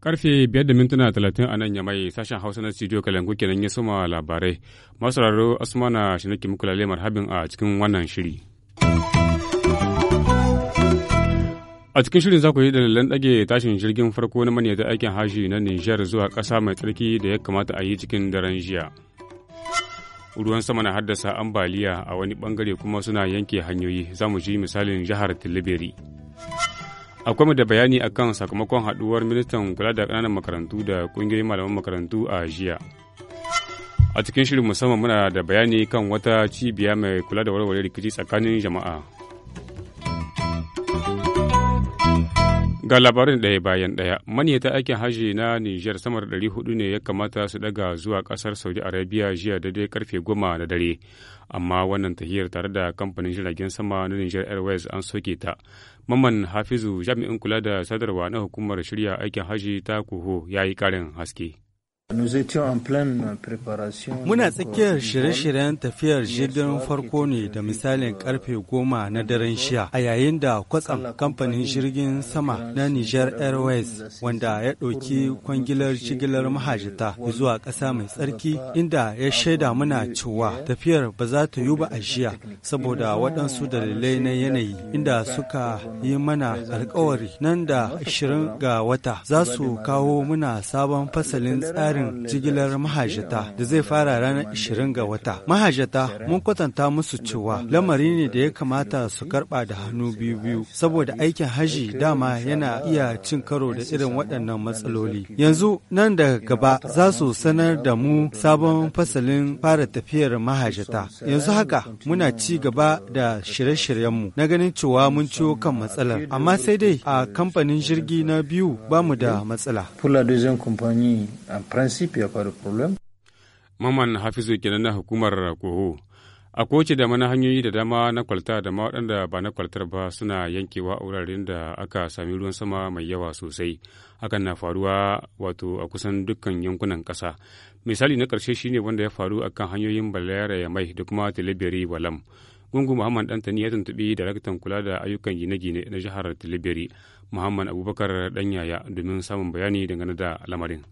Karfe biyar da mintuna talatin a nan yamai sashen Hausa na studio Kalangu kenan ya suma labarai. Masu raro Asmana shi muku lalle marhabin a cikin wannan shiri. A cikin shirin za ku yi dalilan ɗage tashin jirgin farko na manyan aikin hashi na Nijar zuwa ƙasa mai tsarki da ya kamata a yi cikin daren jiya. Ruwan sama na haddasa ambaliya a wani bangare kuma suna yanke hanyoyi za mu ji misalin jihar Tilibiri. Akwai da bayani akan sakamakon haɗuwar ministan kula da ƙananan makarantu da ƙungiyoyin malaman makarantu a jiya. A cikin shirin musamman muna da bayani kan wata cibiya mai kula da warware rikici tsakanin jama'a Ga labarin ɗaya bayan ɗaya, manyata aikin hajji na Nijar samar da ɗari hudu ne ya kamata su daga zuwa ƙasar Saudi Arabia jiya daidai karfe goma na dare. Amma wannan tahiyar tare da kamfanin jiragen sama na Nijar Airways an soke ta. Maman Hafizu jami'in kula da sadarwa na hukumar shirya aikin hajji ta Kuhu ya yi ƙarin haske. Muna tsakiyar shirye-shiryen tafiyar jirgin farko ne da misalin karfe goma na daren shiya a yayin da kwatsam kamfanin jirgin sama na Niger Airways wanda ya ɗauki kwangilar jigilar mahajita zuwa ƙasa mai tsarki inda ya shaida muna cewa tafiyar ba za ta yi ba a jiya, saboda waɗansu dalilai na yanayi inda suka yi mana alkawari nan da ashirin ga wata za su kawo muna sabon fasalin tsari. tsarin jigilar mahajata da zai fara ranar 20 ga wata. Mahajata mun kwatanta musu cewa lamari ne da ya kamata su karɓa da hannu biyu-biyu saboda aikin haji dama yana iya cin karo da irin waɗannan matsaloli. Yanzu nan da gaba za su sanar da mu sabon fasalin fara tafiyar mahajata. Yanzu haka muna ci gaba da shirye-shiryenmu na ganin cewa mun ciwo kan matsalar. Amma sai dai a kamfanin jirgi na biyu ba mu da matsala. principe, Maman Hafizu kenan na hukumar Koho. A kowace da mana hanyoyi da dama na kwalta da ma waɗanda ba na kwaltar ba suna yankewa a wuraren da aka sami ruwan sama mai yawa sosai. Hakan na faruwa wato a kusan dukkan yankunan ƙasa. Misali na ƙarshe shine wanda ya faru akan hanyoyin Balayara ya mai da kuma Tilibiri Walam. Gungu Muhammad Dantani ya tuntuɓi daraktan kula da ayyukan gine-gine na jihar Tilibiri Muhammad Abubakar Danyaya domin samun bayani dangane da lamarin.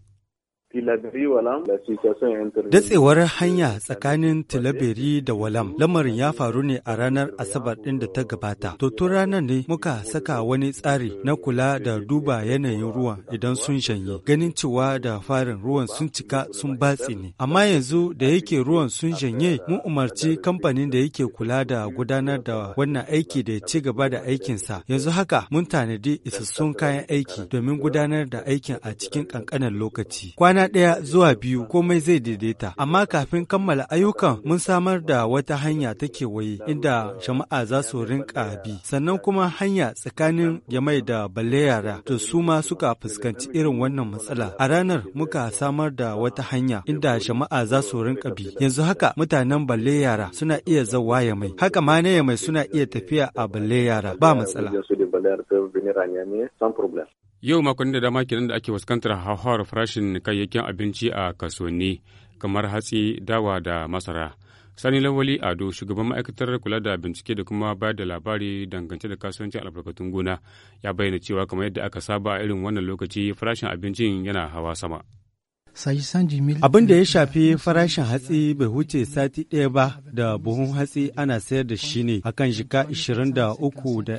Datsewar hanya tsakanin Tilaberi da Walam lamarin ya faru ne a ranar Asabar ɗin da ta gabata. To tun ranar ne muka saka wani tsari na kula da duba yanayin ruwa idan sun shanye. Ganin cewa da farin ruwan sun cika sun batsi ne. Amma yanzu da yake ruwan sun shanye mun umarci kamfanin da yake kula da gudanar da wannan aiki da ya ci gaba da aikinsa. Yanzu haka mun tanadi isassun kayan aiki domin gudanar da aikin a cikin ƙanƙanin lokaci. Kwana ɗaya zuwa biyu komai zai daidaita. Amma kafin kammala ayyukan mun samar da wata hanya ta kewaye inda jama'a za su rinka bi. Sannan kuma hanya tsakanin Yamai da Balle yara da su ma suka fuskanci irin wannan matsala. A ranar muka samar da wata hanya inda jama'a za su rinka bi. Yanzu haka mutanen Balle yara suna iya zawa mai, Haka ma na Yamai suna iya tafiya a Balle yara ba matsala. Yau makonni da dama kenan da ake fuskantar hauhawar farashin kayayyakin abinci a kasuwanni kamar hatsi, dawa da masara. Sani Lawali Ado, shugaban ma'aikatar kula da bincike da kuma bayar da labari dangance da kasuwancin albarkatun gona, ya bayyana cewa kamar yadda aka saba a irin wannan lokaci farashin abincin yana hawa sama. Abin da ya shafi farashin hatsi bai wuce sati ɗaya ba da buhun hatsi ana sayar da shi ne akan jika 23 da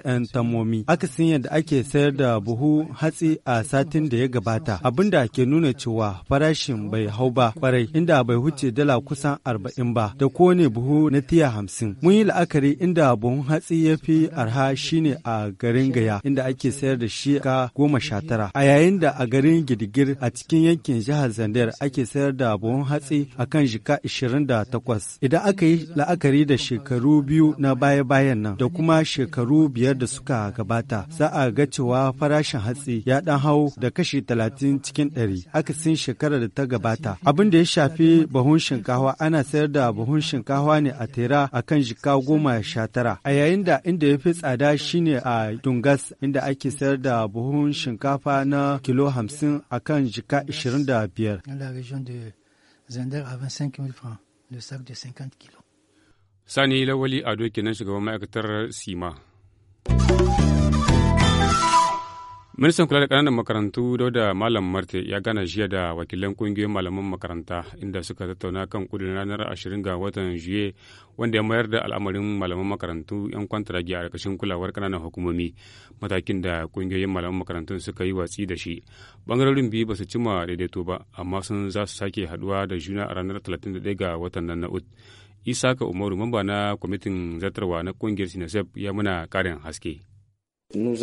'yan tamomi. Akasin yadda ake sayar da buhu hatsi a satin da ya gabata. Abin da ke nuna cewa farashin bai hau ba kwarai inda bai wuce dala kusan arba'in ba da kowane buhu na tiya hamsin, Mun yi la'akari inda buhun hatsi ya fi arha ne a garin Gaya inda ake sayar da shi ga goma sha tara. A yayin da a garin Gidigir a cikin yankin jihar Santander ake sayar da buhun hatsi a kan jika 28 idan aka yi la'akari da shekaru biyu na baya-bayan nan da kuma shekaru biyar da suka gabata za a ga cewa farashin hatsi ya dan hau da kashi 30 cikin 100 akasin shekarar da ta gabata abin da ya shafi buhun shinkawa ana sayar da buhun shinkawa ne a tera a kan jika goma sha tara a yayin da inda ya fi tsada shine a dungas inda ake sayar da buhun shinkafa na kilo hamsin a kan jika 25 Zinder La région de Zinder à 25 000 francs, le sac de 50 kilos. Sani Lawali Ado kenan shugaban ma'aikatar Sima. Ministan kula da ƙananan makarantu Dauda Malam Marte ya gana jiya da wakilan ƙungiyoyin malaman makaranta inda suka tattauna kan kudin ranar 20 ga watan Juye wanda ya mayar da al'amarin malaman makarantu 'yan kwantaragi a ƙarƙashin kulawar ƙananan hukumomi matakin da ƙungiyoyin malaman makarantu suka yi watsi da shi. Bangarorin biyu ba su cimma daidaito ba amma sun za su sake haduwa da juna a ranar 31 ga watan nan na Ut. Isaka Umaru mamba na kwamitin zartarwa na ƙungiyar Sinasef ya muna ƙarin haske. Mun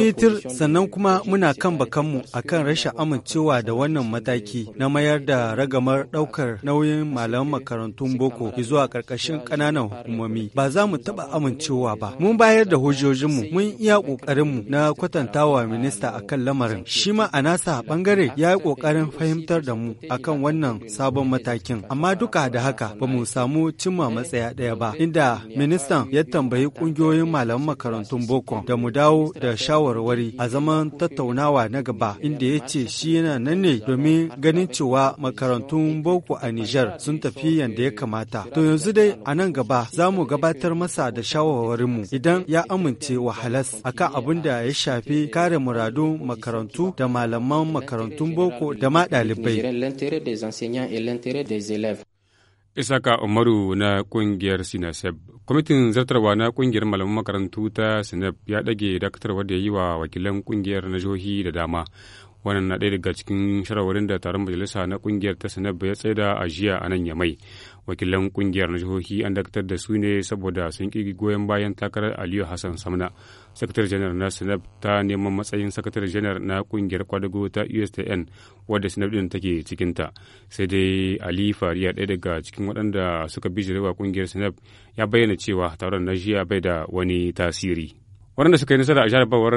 yi tir sannan kuma muna kan bakanmu a kan rashin amincewa da wannan mataki na mayar da ragamar ɗaukar nauyin malaman makarantun boko zuwa ƙarƙashin ƙananan hukumomi. Ba za mu taɓa amincewa ba. Mun bayar da hujjojinmu mun iya ƙoƙarinmu na kwatantawa minista a kan lamarin. Shi ma a nasa ɓangare ya yi ƙoƙarin fahimtar da mu a kan wannan sabon matakin. Amma duka da haka ba mu samu cimma matsaya ɗaya ba. Inda ministan ya tambayi ƙungiyoyi kungiyoyin malaman makarantun boko da mu dawo da shawarwari a zaman tattaunawa na gaba inda ya ce shi yana nan ne domin ganin cewa makarantun boko a Nijar sun tafi yadda ya kamata. To yanzu dai a nan gaba za mu gabatar masa da shawarwarinmu idan ya amince wa halas a kan abin da ya shafi kare muradun makarantu da malaman makarantun boko da ma ɗalibai. Isaka Umaru na kungiyar Sinaseb. Kwamitin zartarwa na kungiyar malaman makarantu ta sinab ya ɗage dakatarwa da yi wa wakilan kungiyar na jihohi da dama. wannan na ɗaya daga cikin shawarwarin da taron majalisa na ƙungiyar ta sanab ya tsaida a jiya a nan ya mai wakilan ƙungiyar na jihohi an dakatar da su ne saboda sun ƙi goyon bayan takarar aliyu hassan samna sakatar janar na sanab ta neman matsayin sakatare janar na ƙungiyar kwadago ta usdn wadda sanab ɗin take cikinta sai dai ali fariya ɗaya daga cikin waɗanda suka bijirewa ƙungiyar sanab ya bayyana cewa taron na jiya bai da wani tasiri. waɗanda suka yi nasara a jarabawar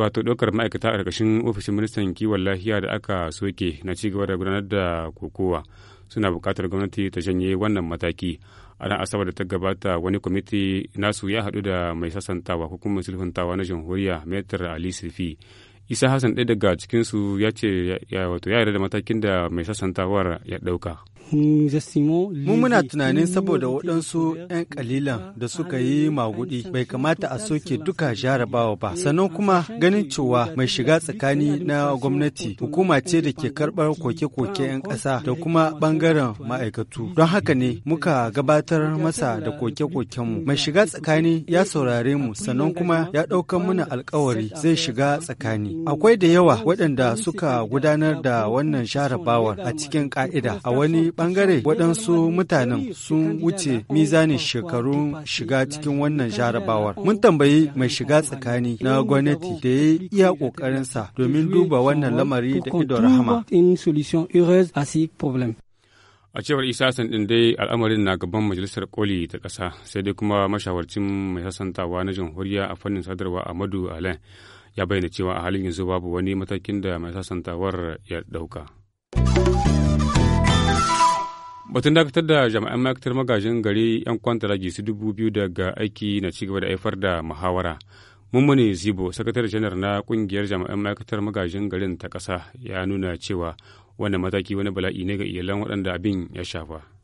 wato ɗaukar ma'aikata a ƙarƙashin ofishin ministan kiwon lafiya da aka soke na ci gaba da gudanar da kokowa suna buƙatar gwamnati ta janye wannan mataki a ran asabar da ta gabata wani kwamiti nasu ya haɗu da mai sasantawa ko kuma sulhuntawa na jamhuriya metar ali sifi isa hassan ɗaya daga cikinsu ya ce wato ya yarda da matakin da mai sasantawar ya ɗauka. mu muna tunanin saboda waɗansu 'yan kalilan da suka yi maguɗi, bai kamata a soke duka jarabawa ba. Sannan kuma ganin cewa mai shiga tsakani na gwamnati hukuma ce da ke karɓar koke-koke 'yan ƙasa da kuma ɓangaren ma'aikatu. Don haka ne muka gabatar masa da koke-kokenmu. Mai shiga tsakani ya saurare mu sannan kuma ya ɗaukan mana alkawari zai shiga tsakani. Akwai da yawa waɗanda suka gudanar da wannan jarabawar a cikin ƙa'ida a wani bangare waɗansu mutanen sun wuce mizanin shekarun shiga cikin wannan jarabawar. Mun tambayi mai shiga tsakani na gwamnati da ya iya ƙoƙarinsa domin duba wannan lamari da idon rahama. a cewar isa din dai al'amarin na gaban majalisar koli ta ƙasa sai dai kuma mashawarcin mai sasantawa na jamhuriya a fannin sadarwa amadu alain ya bayyana cewa a halin yanzu babu wani matakin da mai sasantawar ya ɗauka. Batun dakatar da jami'an ma'aikatar magajin gari 'yan ragi su dubu biyu daga aiki na cigaba da haifar da muhawara. Mummune Zibo, sakatare janar na kungiyar jami'an ma'aikatar magajin garin ta ƙasa ya nuna cewa wannan mataki wani bala'i ne ga iyalan waɗanda abin ya shafa.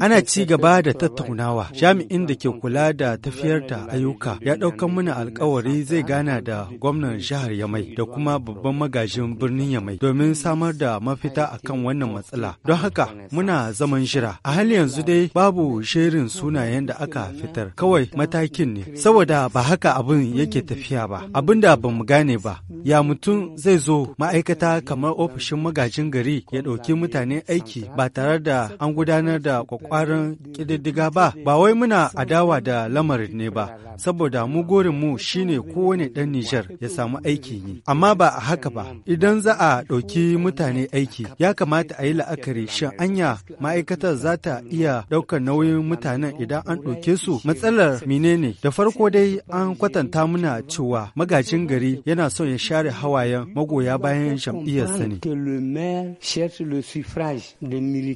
Ana ci gaba da tattaunawa. Jami'in da ke kula da tafiyar da ayyuka ya ɗaukan mana alkawari zai gana da gwamnan jihar Yamai da kuma babban magajin birnin Yamai domin samar da mafita a kan wannan matsala. Don haka muna zaman jira. A hali yanzu dai babu shirin sunayen da aka fitar. Kawai matakin ne. Saboda ba haka abin yake tafiya ba. Abin da ba mu gane ba. Ya mutum zai zo ma'aikata kamar ofishin magajin gari ya ɗauki mutane aiki ba tare tare da an gudanar da kwakwaran ƙididdiga ba, ba wai muna adawa da lamarin ne ba, saboda mu mu shine kowane ɗan Nijar ya samu aiki yi. Amma ba a haka ba, idan za a ɗauki mutane aiki, ya kamata a yi la'akari shan anya ma'aikatar za ta iya ɗaukar nauyin mutanen idan an ɗauke su matsalar menene da farko dai an kwatanta muna cewa magajin gari yana son ya share hawayen magoya bayan jam'iyyarsa ne.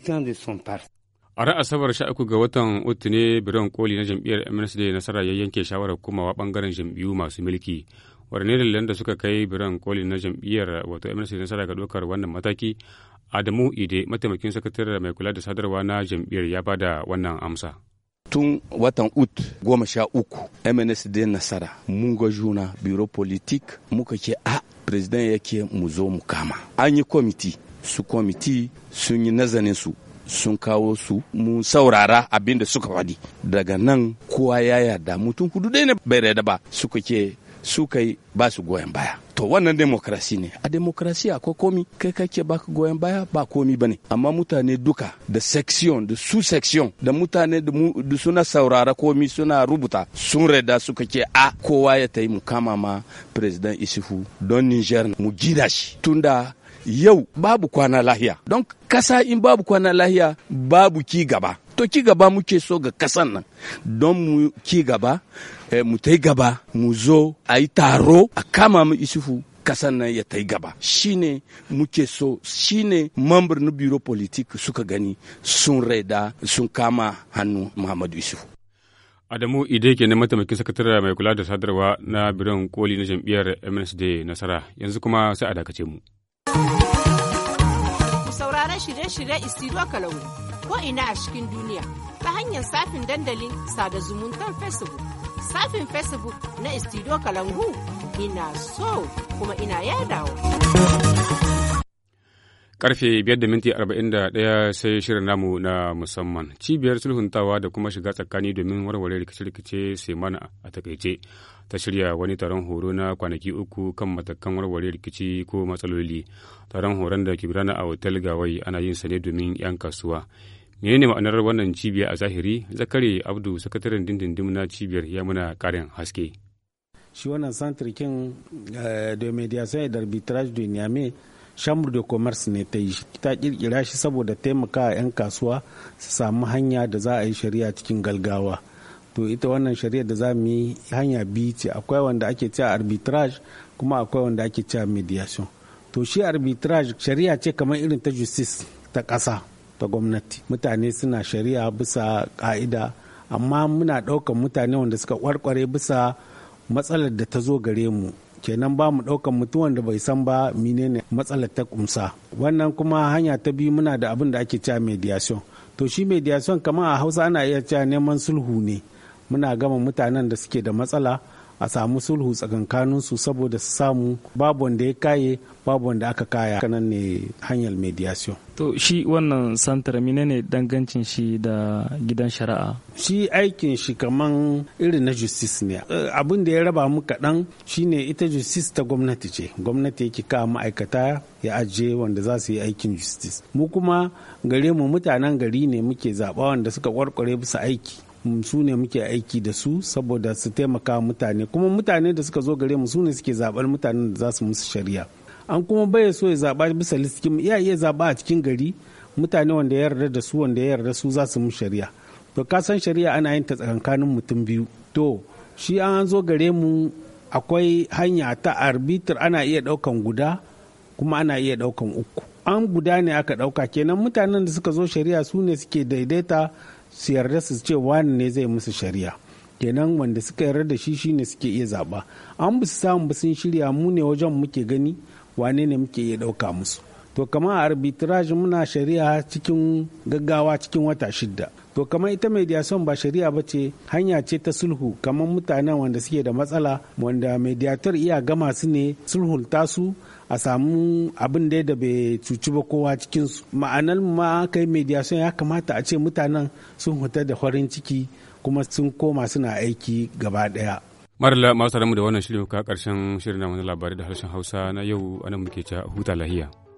militants A Asabar sha ga watan Utu ne biran koli na jam'iyyar MNSD nasara ya yanke shawarar komawa bangaren jam'iyyu masu mulki. Wadanne dalilan da suka kai biran koli na jam'iyyar wato MNSD nasara ga dokar wannan mataki? Adamu Ide, mataimakin sakatare mai kula da sadarwa na jam'iyyar ya bada wannan amsa. tun watan ut goma sha uku da nasara mun ga juna biro politik muka ke a ah, president yake mu zo mu kama an yi kwamiti su kwamiti sun yi nazarin su sun kawo su mun saurara abin da suka faɗi daga nan kowa ya yarda mutum hudu dai ne bai da ba suka ke su kai ba su goyon baya to wannan demokrasi ne a demokrasi akwai komi kai kake baka goyon baya ba komi bane amma mutane duka da section da su section da mutane da suna saurara komi suna rubuta sun reda suka ke a kowa ya ta yi mu kama ma president isufu don niger mu gida shi tunda yau babu kwana lahiya don kasa in babu kwana lahiya babu ki gaba to ki gaba muke so ga kasan nan don mu ki gaba eh, mu tai gaba mu zo a yi taro a kama mu isufu kasan nan ya tai gaba shine muke so shine mambar na biro politik suka gani sun raida sun kama hannu muhammadu isufu Adamu Ide ke na mataimakin sakatare mai kula da sadarwa na biron koli na jam'iyyar MSD Nasara yanzu kuma sai a dakace mu. Ku saurara shirye-shirye Istiro Kalau ko ina a cikin duniya ta hanyar safin dandalin sada zumuntar Facebook. Safin Facebook na Istiro Kalangu ina so kuma ina yadawa. Karfe biyar da minti arba'in da ɗaya sai shirin namu na musamman. Cibiyar sulhuntawa da kuma shiga tsakani domin warware rikice-rikice sai mana a takaice. ta shirya wani taron horo na kwanaki uku kan matakan warware rikici ko matsaloli taron horon da ke gudana a otal gawai ana yin sa ne domin 'yan kasuwa menene ma'anar wannan cibiya a zahiri zakare abdu sakataren dindindin na cibiyar ya muna karin haske shi wannan santirkin da eh, ya da arbitrage da niamey chambre de commerce ne ta yi ta kirkira shi saboda taimaka 'yan kasuwa su samu hanya da za a yi shari'a cikin galgawa to ita wannan shari'a da za mu yi hanya biyu ce akwai wanda ake cewa arbitrage kuma akwai wanda ake cewa mediation to shi arbitrage shari'a ce kamar irin ta justice ta ƙasa ta gwamnati mutane suna shari'a bisa ka'ida amma muna ɗaukar mutane wanda suka kwarkware bisa matsalar da ta zo gare mu kenan ba mu ɗaukan mutuwan da bai san ba menene matsalar ta kumsa wannan kuma hanya ta biyu muna da abin da ake cewa mediation to shi mediation kamar a hausa ana iya cewa neman sulhu ne muna gama mutanen da suke da matsala a samu sulhu tsakankanin su saboda su samu babu wanda ya kaye babu wanda aka kaya kanan ne hanyar mediation to shi wannan santar ne dangancin shi da gidan shari'a shi aikin shi kaman irin na justice ne eh, abin da ya raba mu kaɗan shine ita justice ta gwamnati ce gwamnati yake kawo ma'aikata ya ajiye wanda za su yi aikin justice mu kuma gare mu mutanen gari ne muke zaɓa wanda suka kwarkware bisa aiki su ne muke aiki da su saboda su taimaka mutane kuma mutane da suka zo gare mu su ne suke zaɓar mutanen da za su musu shari'a an kuma baya so ya zaɓa bisa listikin iya iya zaɓa a cikin gari mutane wanda ya yarda da su wanda ya yarda su za su musu shari'a to ka san shari'a ana yin ta tsakankanin mutum biyu to shi an zo gare mu akwai hanya ta arbitr ana iya ɗaukan guda kuma ana iya ɗaukan uku an guda ne aka ɗauka kenan mutanen da suka zo shari'a su ne suke daidaita su yarda su ce wani ne zai musu shari'a kenan wanda suka yarda da shi shine suke iya zaba an busu samu ba sun shirya mu ne wajen muke gani wane ne muke iya ɗauka musu to kamar arbitrage muna shari'a cikin gaggawa cikin wata shidda to kamar ita mediation ba shari'a ba ce hanya ce ta sulhu kamar mutanen wanda suke da matsala wanda mediator iya gama su ne sulhul su a samu abin da da bai cuci ba kowa cikin su ma'anar ma kai mediation ya kamata a ce mutanen sun huta da farin ciki kuma sun koma suna aiki gaba daya marla masu da wannan shirin ka karshen shirin na labarai da harshen hausa na yau anan muke ta huta lahiya